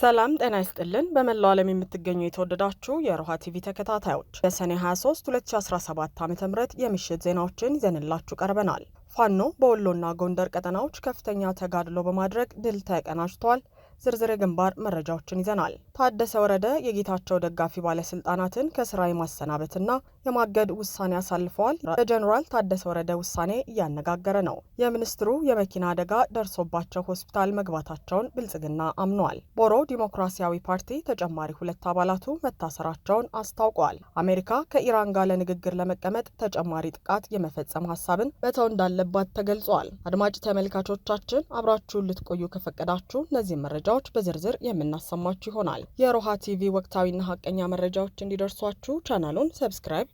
ሰላም ጤና ይስጥልን። በመላው ዓለም የምትገኙ የተወደዳችሁ የሮሃ ቲቪ ተከታታዮች በሰኔ 23 2017 ዓ ም የምሽት ዜናዎችን ይዘንላችሁ ቀርበናል። ፋኖ በወሎና ጎንደር ቀጠናዎች ከፍተኛ ተጋድሎ በማድረግ ድል ተቀናጅቷል። ዝርዝር የግንባር መረጃዎችን ይዘናል። ታደሰ ወረደ የጌታቸው ደጋፊ ባለስልጣናትን ከስራ የማሰናበትና የማገድ ውሳኔ አሳልፈዋል። የጀኔራል ታደሰ ወረደ ውሳኔ እያነጋገረ ነው። የሚኒስትሩ የመኪና አደጋ ደርሶባቸው ሆስፒታል መግባታቸውን ብልጽግና አምኗል። ቦሮ ዲሞክራሲያዊ ፓርቲ ተጨማሪ ሁለት አባላቱ መታሰራቸውን አስታውቋል። አሜሪካ ከኢራን ጋር ለንግግር ለመቀመጥ ተጨማሪ ጥቃት የመፈጸም ሀሳብን መተው እንዳለባት ተገልጿል። አድማጭ ተመልካቾቻችን አብራችሁን ልትቆዩ ከፈቀዳችሁ እነዚህ መረጃ መረጃዎች በዝርዝር የምናሰማችሁ ይሆናል። የሮሃ ቲቪ ወቅታዊና ሀቀኛ መረጃዎች እንዲደርሷችሁ ቻናሉን ሰብስክራይብ፣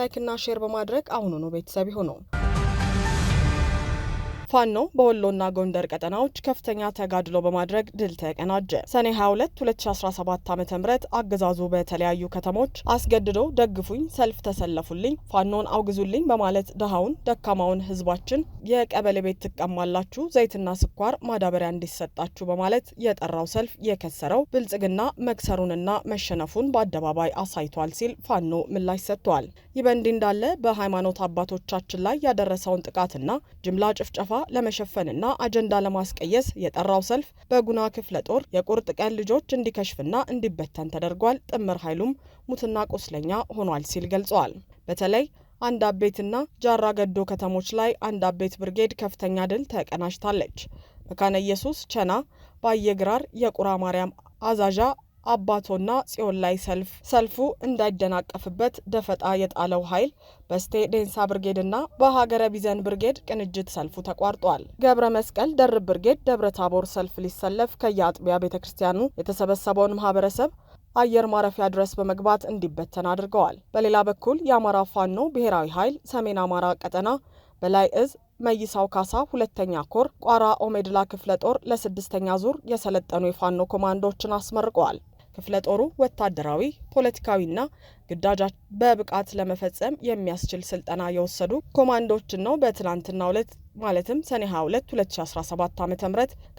ላይክና ሼር በማድረግ አሁኑኑ ቤተሰብ ይሁኑ። ፋኖ በወሎና ጎንደር ቀጠናዎች ከፍተኛ ተጋድሎ በማድረግ ድል ተቀናጀ። ሰኔ 22 2017 ዓ ም አገዛዙ በተለያዩ ከተሞች አስገድዶ ደግፉኝ፣ ሰልፍ ተሰለፉልኝ፣ ፋኖን አውግዙልኝ በማለት ድሃውን ደካማውን ህዝባችን የቀበሌ ቤት ትቀማላችሁ፣ ዘይትና ስኳር ማዳበሪያ እንዲሰጣችሁ በማለት የጠራው ሰልፍ የከሰረው ብልጽግና መክሰሩንና መሸነፉን በአደባባይ አሳይቷል ሲል ፋኖ ምላሽ ሰጥቷል። ይህ በእንዲህ እንዳለ በሃይማኖት አባቶቻችን ላይ ያደረሰውን ጥቃትና ጅምላ ጭፍጨፋ ለመሸፈንና አጀንዳ ለማስቀየስ የጠራው ሰልፍ በጉና ክፍለ ጦር የቁርጥ ቀን ልጆች እንዲከሽፍና እንዲበተን ተደርጓል። ጥምር ኃይሉም ሙትና ቁስለኛ ሆኗል ሲል ገልጸዋል። በተለይ አንድ አቤትና ጃራ ገዶ ከተሞች ላይ አንድ አቤት ብርጌድ ከፍተኛ ድል ተቀናጅታለች። መካነ ኢየሱስ፣ ቸና፣ ባየግራር፣ የቁራ ማርያም፣ አዛዣ አባቶና ጽዮን ላይ ሰልፍ ሰልፉ እንዳይደናቀፍበት ደፈጣ የጣለው ኃይል በስቴ ዴንሳ ብርጌድና በሀገረ ቢዘን ብርጌድ ቅንጅት ሰልፉ ተቋርጧል። ገብረ መስቀል ደርብ ብርጌድ ደብረ ታቦር ሰልፍ ሊሰለፍ ከየአጥቢያ ቤተ ክርስቲያኑ የተሰበሰበውን ማህበረሰብ አየር ማረፊያ ድረስ በመግባት እንዲበተን አድርገዋል። በሌላ በኩል የአማራ ፋኖ ብሔራዊ ኃይል ሰሜን አማራ ቀጠና በላይ እዝ መይሳው ካሳ ሁለተኛ ኮር ቋራ ኦሜድላ ክፍለ ጦር ለስድስተኛ ዙር የሰለጠኑ የፋኖ ኮማንዶዎችን አስመርቀዋል። ክፍለ ጦሩ ወታደራዊ፣ ፖለቲካዊና ግዳጃ በብቃት ለመፈጸም የሚያስችል ስልጠና የወሰዱ ኮማንዶዎችን ነው በትናንትናው ዕለት ማለትም ሰኔ 22 2017 ዓ ም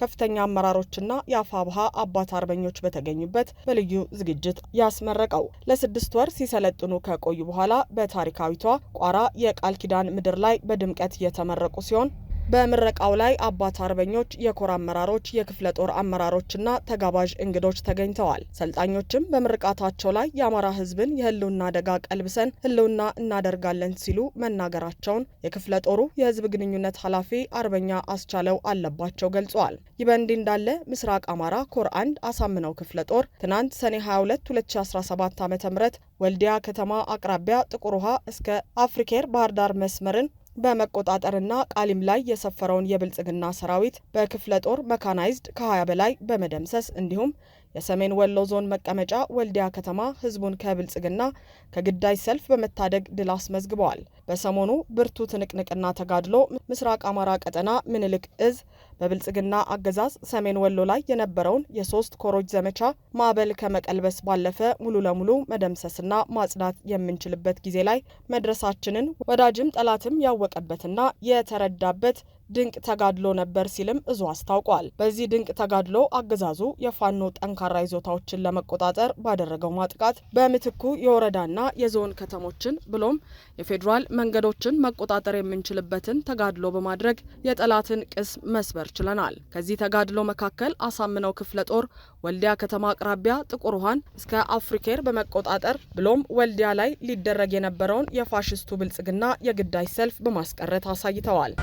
ከፍተኛ አመራሮችና የአፋብሃ አባት አርበኞች በተገኙበት በልዩ ዝግጅት ያስመረቀው። ለስድስት ወር ሲሰለጥኑ ከቆዩ በኋላ በታሪካዊቷ ቋራ የቃል ኪዳን ምድር ላይ በድምቀት የተመረቁ ሲሆን በምረቃው ላይ አባት አርበኞች፣ የኮር አመራሮች፣ የክፍለ ጦር አመራሮችና ተጋባዥ እንግዶች ተገኝተዋል። ሰልጣኞችም በምርቃታቸው ላይ የአማራ ሕዝብን የህልውና አደጋ ቀልብሰን ህልውና እናደርጋለን ሲሉ መናገራቸውን የክፍለ ጦሩ የህዝብ ግንኙነት ኃላፊ አርበኛ አስቻለው አለባቸው ገልጿል። ይህ በእንዲህ እንዳለ ምስራቅ አማራ ኮር አንድ አሳምነው ክፍለ ጦር ትናንት ሰኔ 22 2017 ዓ ም ወልዲያ ከተማ አቅራቢያ ጥቁር ውሃ እስከ አፍሪኬር ባህር ዳር መስመርን በመቆጣጠርና ቃሊም ላይ የሰፈረውን የብልጽግና ሰራዊት በክፍለ ጦር መካናይዝድ ከ20 በላይ በመደምሰስ እንዲሁም የሰሜን ወሎ ዞን መቀመጫ ወልዲያ ከተማ ህዝቡን ከብልጽግና ከግዳይ ሰልፍ በመታደግ ድል አስመዝግበዋል። በሰሞኑ ብርቱ ትንቅንቅና ተጋድሎ ምስራቅ አማራ ቀጠና ምኒልክ እዝ በብልጽግና አገዛዝ ሰሜን ወሎ ላይ የነበረውን የሶስት ኮሮች ዘመቻ ማዕበል ከመቀልበስ ባለፈ ሙሉ ለሙሉ መደምሰስና ማጽዳት የምንችልበት ጊዜ ላይ መድረሳችንን ወዳጅም ጠላትም ያወቀበትና የተረዳበት ድንቅ ተጋድሎ ነበር ሲልም እዙ አስታውቋል። በዚህ ድንቅ ተጋድሎ አገዛዙ የፋኖ ጠንካራ ይዞታዎችን ለመቆጣጠር ባደረገው ማጥቃት በምትኩ የወረዳና የዞን ከተሞችን ብሎም የፌዴራል መንገዶችን መቆጣጠር የምንችልበትን ተጋድሎ በማድረግ የጠላትን ቅስም መስበር ችለናል። ከዚህ ተጋድሎ መካከል አሳምነው ክፍለ ጦር ወልዲያ ከተማ አቅራቢያ ጥቁር ውሃን እስከ አፍሪኬር በመቆጣጠር ብሎም ወልዲያ ላይ ሊደረግ የነበረውን የፋሽስቱ ብልጽግና የግዳጅ ሰልፍ በማስቀረት አሳይተዋል።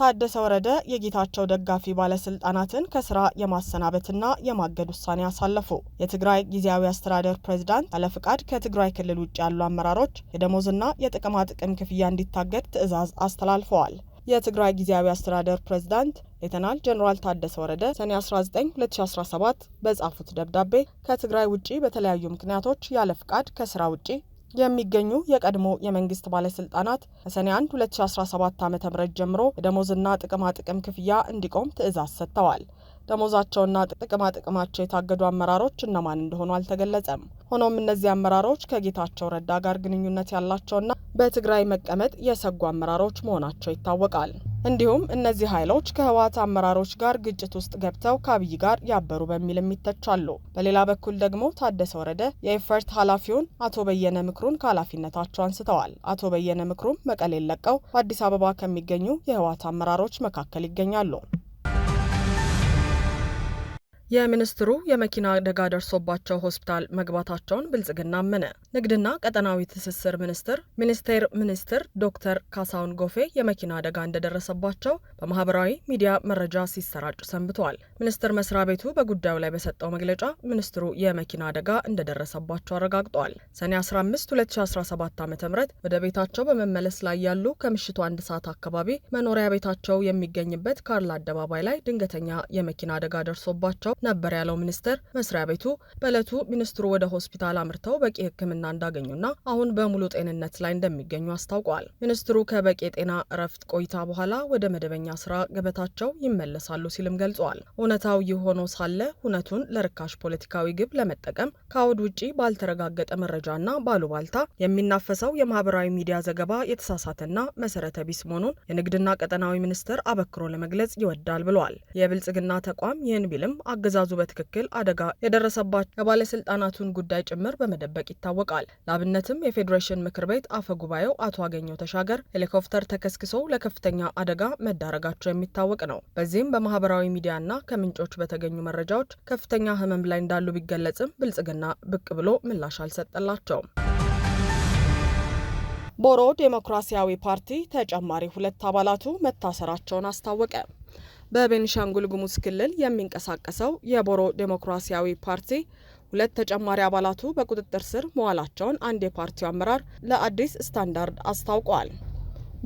ታደሰ ወረደ የጌታቸው ደጋፊ ባለስልጣናትን ከስራ የማሰናበትና የማገድ ውሳኔ አሳለፉ። የትግራይ ጊዜያዊ አስተዳደር ፕሬዚዳንት ያለፍቃድ ከትግራይ ክልል ውጭ ያሉ አመራሮች የደሞዝና የጥቅማ ጥቅም ክፍያ እንዲታገድ ትዕዛዝ አስተላልፈዋል። የትግራይ ጊዜያዊ አስተዳደር ፕሬዚዳንት ሌተናል ጀኔራል ታደሰ ወረደ ሰኔ 19 2017 በጻፉት ደብዳቤ ከትግራይ ውጪ በተለያዩ ምክንያቶች ያለ ፍቃድ ከስራ ውጪ የሚገኙ የቀድሞ የመንግስት ባለስልጣናት ከሰኔ 1 2017 ዓ ም ጀምሮ የደሞዝና ጥቅማጥቅም ክፍያ እንዲቆም ትዕዛዝ ሰጥተዋል። ደሞዛቸውና ጥቅማጥቅማቸው የታገዱ አመራሮች እነማን እንደሆኑ አልተገለጸም። ሆኖም እነዚህ አመራሮች ከጌታቸው ረዳ ጋር ግንኙነት ያላቸውና በትግራይ መቀመጥ የሰጉ አመራሮች መሆናቸው ይታወቃል። እንዲሁም እነዚህ ኃይሎች ከህወሓት አመራሮች ጋር ግጭት ውስጥ ገብተው ከአብይ ጋር ያበሩ በሚልም ይተቻሉ። በሌላ በኩል ደግሞ ታደሰ ወረደ የኤፈርት ኃላፊውን አቶ በየነ ምክሩን ከኃላፊነታቸው አንስተዋል። አቶ በየነ ምክሩም መቀሌን ለቀው በአዲስ አበባ ከሚገኙ የህወሓት አመራሮች መካከል ይገኛሉ። የሚኒስትሩ የመኪና አደጋ ደርሶባቸው ሆስፒታል መግባታቸውን ብልጽግና አመነ። ንግድና ቀጠናዊ ትስስር ሚኒስቴር ሚኒስቴር ሚኒስትር ዶክተር ካሳሁን ጎፌ የመኪና አደጋ እንደደረሰባቸው በማህበራዊ ሚዲያ መረጃ ሲሰራጭ ሰንብተዋል። ሚኒስትር መስሪያ ቤቱ በጉዳዩ ላይ በሰጠው መግለጫ ሚኒስትሩ የመኪና አደጋ እንደደረሰባቸው አረጋግጧል። ሰኔ 15 2017 ዓ ም ወደ ቤታቸው በመመለስ ላይ ያሉ ከምሽቱ አንድ ሰዓት አካባቢ መኖሪያ ቤታቸው የሚገኝበት ካርል አደባባይ ላይ ድንገተኛ የመኪና አደጋ ደርሶባቸው ነበር ያለው ሚኒስቴር መስሪያ ቤቱ በእለቱ ሚኒስትሩ ወደ ሆስፒታል አምርተው በቂ ሕክምና እንዳገኙና አሁን በሙሉ ጤንነት ላይ እንደሚገኙ አስታውቋል። ሚኒስትሩ ከበቂ የጤና እረፍት ቆይታ በኋላ ወደ መደበኛ ስራ ገበታቸው ይመለሳሉ ሲልም ገልጸዋል። እውነታው ይህ ሆኖ ሳለ እውነቱን ለርካሽ ፖለቲካዊ ግብ ለመጠቀም ከአውድ ውጪ ባልተረጋገጠ መረጃና ባሉባልታ የሚናፈሰው የማህበራዊ ሚዲያ ዘገባ የተሳሳተና መሰረተ ቢስ መሆኑን የንግድና ቀጠናዊ ሚኒስቴር አበክሮ ለመግለጽ ይወዳል ብለዋል። የብልጽግና ተቋም ይህን ቢልም አገዛዙ በትክክል አደጋ የደረሰባቸው የባለስልጣናቱን ጉዳይ ጭምር በመደበቅ ይታወቃል። ለአብነትም የፌዴሬሽን ምክር ቤት አፈ ጉባኤው አቶ አገኘው ተሻገር ሄሊኮፕተር ተከስክሶ ለከፍተኛ አደጋ መዳረጋቸው የሚታወቅ ነው። በዚህም በማህበራዊ ሚዲያና ከምንጮች በተገኙ መረጃዎች ከፍተኛ ህመም ላይ እንዳሉ ቢገለጽም ብልጽግና ብቅ ብሎ ምላሽ አልሰጠላቸውም። ቦሮ ዴሞክራሲያዊ ፓርቲ ተጨማሪ ሁለት አባላቱ መታሰራቸውን አስታወቀ። በቤንሻንጉል ጉሙዝ ክልል የሚንቀሳቀሰው የቦሮ ዴሞክራሲያዊ ፓርቲ ሁለት ተጨማሪ አባላቱ በቁጥጥር ስር መዋላቸውን አንድ የፓርቲው አመራር ለአዲስ ስታንዳርድ አስታውቋል።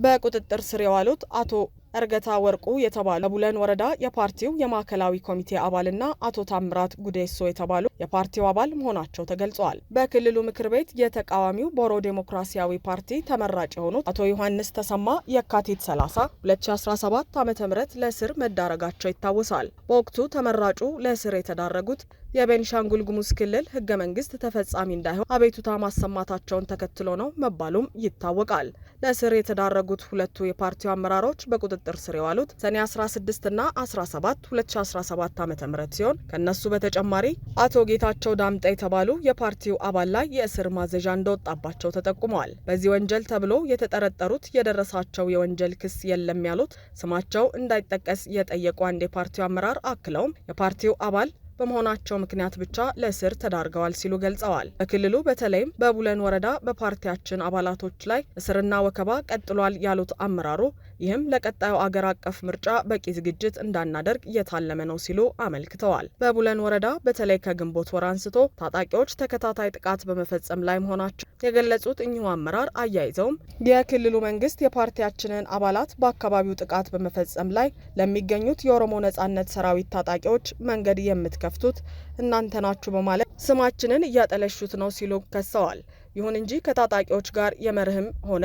በቁጥጥር ስር የዋሉት አቶ እርገታ ወርቁ የተባሉ ቡለን ወረዳ የፓርቲው የማዕከላዊ ኮሚቴ አባልና አቶ ታምራት ጉዴሶ የተባሉ የፓርቲው አባል መሆናቸው ተገልጸዋል። በክልሉ ምክር ቤት የተቃዋሚው ቦሮ ዴሞክራሲያዊ ፓርቲ ተመራጭ የሆኑት አቶ ዮሐንስ ተሰማ የካቲት 30 2017 ዓ ም ለእስር መዳረጋቸው ይታወሳል። በወቅቱ ተመራጩ ለእስር የተዳረጉት የቤኒሻንጉል ጉሙዝ ክልል ህገ መንግስት ተፈጻሚ እንዳይሆን አቤቱታ ማሰማታቸውን ተከትሎ ነው መባሉም ይታወቃል። ለእስር የተዳረጉት ሁለቱ የፓርቲው አመራሮች በቁጥጥር ስር የዋሉት ሰኔ 16 ና 17 2017 ዓ ም ሲሆን ከእነሱ በተጨማሪ አቶ ጌታቸው ዳምጣ የተባሉ የፓርቲው አባል ላይ የእስር ማዘዣ እንደወጣባቸው ተጠቁመዋል። በዚህ ወንጀል ተብሎ የተጠረጠሩት የደረሳቸው የወንጀል ክስ የለም ያሉት ስማቸው እንዳይጠቀስ የጠየቁ አንድ የፓርቲው አመራር አክለውም የፓርቲው አባል በመሆናቸው ምክንያት ብቻ ለእስር ተዳርገዋል ሲሉ ገልጸዋል። በክልሉ በተለይም በቡለን ወረዳ በፓርቲያችን አባላቶች ላይ እስርና ወከባ ቀጥሏል ያሉት አመራሩ ይህም ለቀጣዩ አገር አቀፍ ምርጫ በቂ ዝግጅት እንዳናደርግ እየታለመ ነው ሲሉ አመልክተዋል። በቡለን ወረዳ በተለይ ከግንቦት ወር አንስቶ ታጣቂዎች ተከታታይ ጥቃት በመፈጸም ላይ መሆናቸው የገለጹት እኚሁ አመራር አያይዘውም የክልሉ መንግስት የፓርቲያችንን አባላት በአካባቢው ጥቃት በመፈጸም ላይ ለሚገኙት የኦሮሞ ነጻነት ሰራዊት ታጣቂዎች መንገድ የምትከፍቱት እናንተ ናችሁ በማለት ስማችንን እያጠለሹት ነው ሲሉ ከሰዋል። ይሁን እንጂ ከታጣቂዎች ጋር የመርህም ሆነ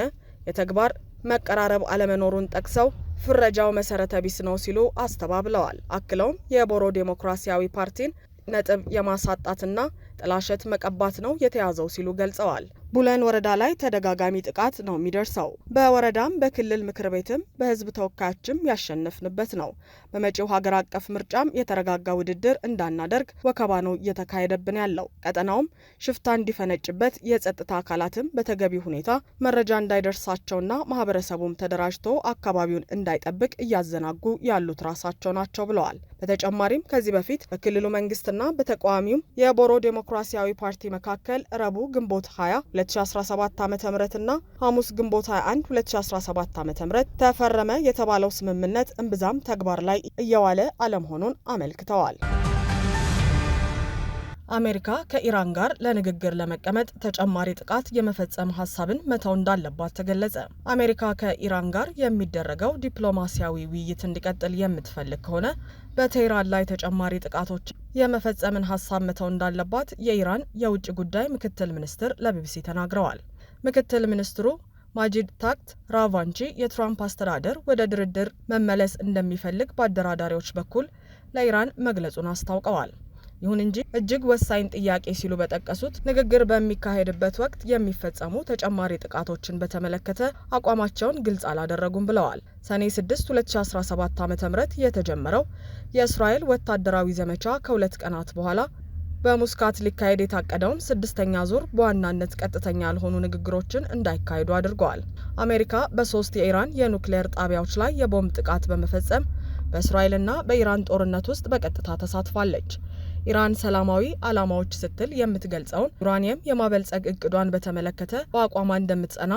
የተግባር መቀራረብ አለመኖሩን ጠቅሰው ፍረጃው መሰረተ ቢስ ነው ሲሉ አስተባብለዋል። አክለውም የቦሮ ዴሞክራሲያዊ ፓርቲን ነጥብ የማሳጣትና ጥላሸት መቀባት ነው የተያዘው ሲሉ ገልጸዋል። ቡለን ወረዳ ላይ ተደጋጋሚ ጥቃት ነው የሚደርሰው። በወረዳም በክልል ምክር ቤትም በህዝብ ተወካዮችም ያሸነፍንበት ነው። በመጪው ሀገር አቀፍ ምርጫም የተረጋጋ ውድድር እንዳናደርግ ወከባ ነው እየተካሄደብን ያለው። ቀጠናውም ሽፍታ እንዲፈነጭበት የጸጥታ አካላትም በተገቢ ሁኔታ መረጃ እንዳይደርሳቸውና ማህበረሰቡም ተደራጅቶ አካባቢውን እንዳይጠብቅ እያዘናጉ ያሉት ራሳቸው ናቸው ብለዋል። በተጨማሪም ከዚህ በፊት በክልሉ መንግስትና በተቃዋሚውም የቦሮ ዴሞክራሲያዊ ፓርቲ መካከል ረቡዕ ግንቦት 20 2017 ዓ ም እና ሐሙስ ግንቦት 21 2017 ዓ ም ተፈረመ የተባለው ስምምነት እምብዛም ተግባር ላይ እየዋለ አለመሆኑን አመልክተዋል። አሜሪካ ከኢራን ጋር ለንግግር ለመቀመጥ ተጨማሪ ጥቃት የመፈጸም ሀሳብን መተው እንዳለባት ተገለጸ። አሜሪካ ከኢራን ጋር የሚደረገው ዲፕሎማሲያዊ ውይይት እንዲቀጥል የምትፈልግ ከሆነ በቴህራን ላይ ተጨማሪ ጥቃቶች የመፈጸምን ሀሳብ መተው እንዳለባት የኢራን የውጭ ጉዳይ ምክትል ሚኒስትር ለቢቢሲ ተናግረዋል። ምክትል ሚኒስትሩ ማጂድ ታክት ራቫንቺ የትራምፕ አስተዳደር ወደ ድርድር መመለስ እንደሚፈልግ በአደራዳሪዎች በኩል ለኢራን መግለጹን አስታውቀዋል። ይሁን እንጂ እጅግ ወሳኝ ጥያቄ ሲሉ በጠቀሱት ንግግር በሚካሄድበት ወቅት የሚፈጸሙ ተጨማሪ ጥቃቶችን በተመለከተ አቋማቸውን ግልጽ አላደረጉም ብለዋል። ሰኔ 6 2017 ዓ ም የተጀመረው የእስራኤል ወታደራዊ ዘመቻ ከሁለት ቀናት በኋላ በሙስካት ሊካሄድ የታቀደውም ስድስተኛ ዙር በዋናነት ቀጥተኛ ያልሆኑ ንግግሮችን እንዳይካሄዱ አድርገዋል። አሜሪካ በሶስት የኢራን የኑክሌር ጣቢያዎች ላይ የቦምብ ጥቃት በመፈጸም በእስራኤልና በኢራን ጦርነት ውስጥ በቀጥታ ተሳትፋለች። ኢራን ሰላማዊ ዓላማዎች ስትል የምትገልጸውን ዩራኒየም የማበልጸግ እቅዷን በተመለከተ በአቋሟ እንደምትጸና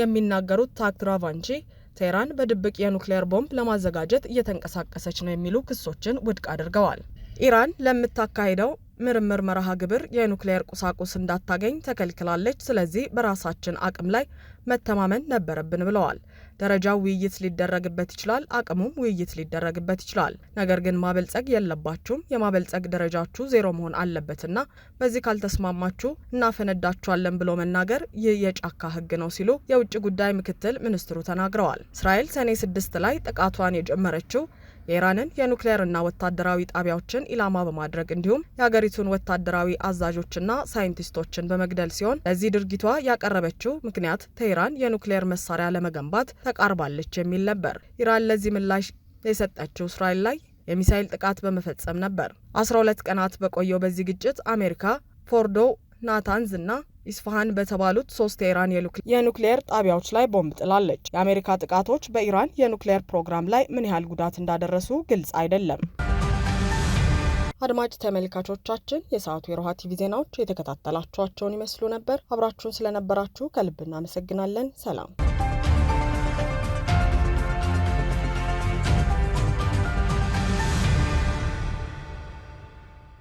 የሚናገሩት ታክትራቫንቺ ራቫንቺ ቴህራን በድብቅ የኑክሌር ቦምብ ለማዘጋጀት እየተንቀሳቀሰች ነው የሚሉ ክሶችን ውድቅ አድርገዋል። ኢራን ለምታካሂደው ምርምር መርሃ ግብር የኑክሌር ቁሳቁስ እንዳታገኝ ተከልክላለች። ስለዚህ በራሳችን አቅም ላይ መተማመን ነበረብን ብለዋል። ደረጃው ውይይት ሊደረግበት ይችላል፣ አቅሙም ውይይት ሊደረግበት ይችላል። ነገር ግን ማበልጸግ የለባችሁም፣ የማበልጸግ ደረጃችሁ ዜሮ መሆን አለበትና በዚህ ካልተስማማችሁ እናፈነዳችኋለን ብሎ መናገር ይህ የጫካ ህግ ነው ሲሉ የውጭ ጉዳይ ምክትል ሚኒስትሩ ተናግረዋል። እስራኤል ሰኔ ስድስት ላይ ጥቃቷን የጀመረችው የኢራንን የኑክሌርና ወታደራዊ ጣቢያዎችን ኢላማ በማድረግ እንዲሁም የሀገሪቱን ወታደራዊ አዛዦችና ሳይንቲስቶችን በመግደል ሲሆን ለዚህ ድርጊቷ ያቀረበችው ምክንያት ቴህራን የኑክሌር መሳሪያ ለመገንባት ተቃርባለች የሚል ነበር። ኢራን ለዚህ ምላሽ የሰጠችው እስራኤል ላይ የሚሳይል ጥቃት በመፈጸም ነበር። 12 ቀናት በቆየው በዚህ ግጭት አሜሪካ ፎርዶ፣ ናታንዝ እና ኢስፋሃን በተባሉት ሶስት የኢራን የኑክሌየር ጣቢያዎች ላይ ቦምብ ጥላለች። የአሜሪካ ጥቃቶች በኢራን የኑክሌየር ፕሮግራም ላይ ምን ያህል ጉዳት እንዳደረሱ ግልጽ አይደለም። አድማጭ ተመልካቾቻችን የሰዓቱ የሮሃ ቲቪ ዜናዎች የተከታተላችኋቸውን ይመስሉ ነበር። አብራችሁን ስለነበራችሁ ከልብ እናመሰግናለን። ሰላም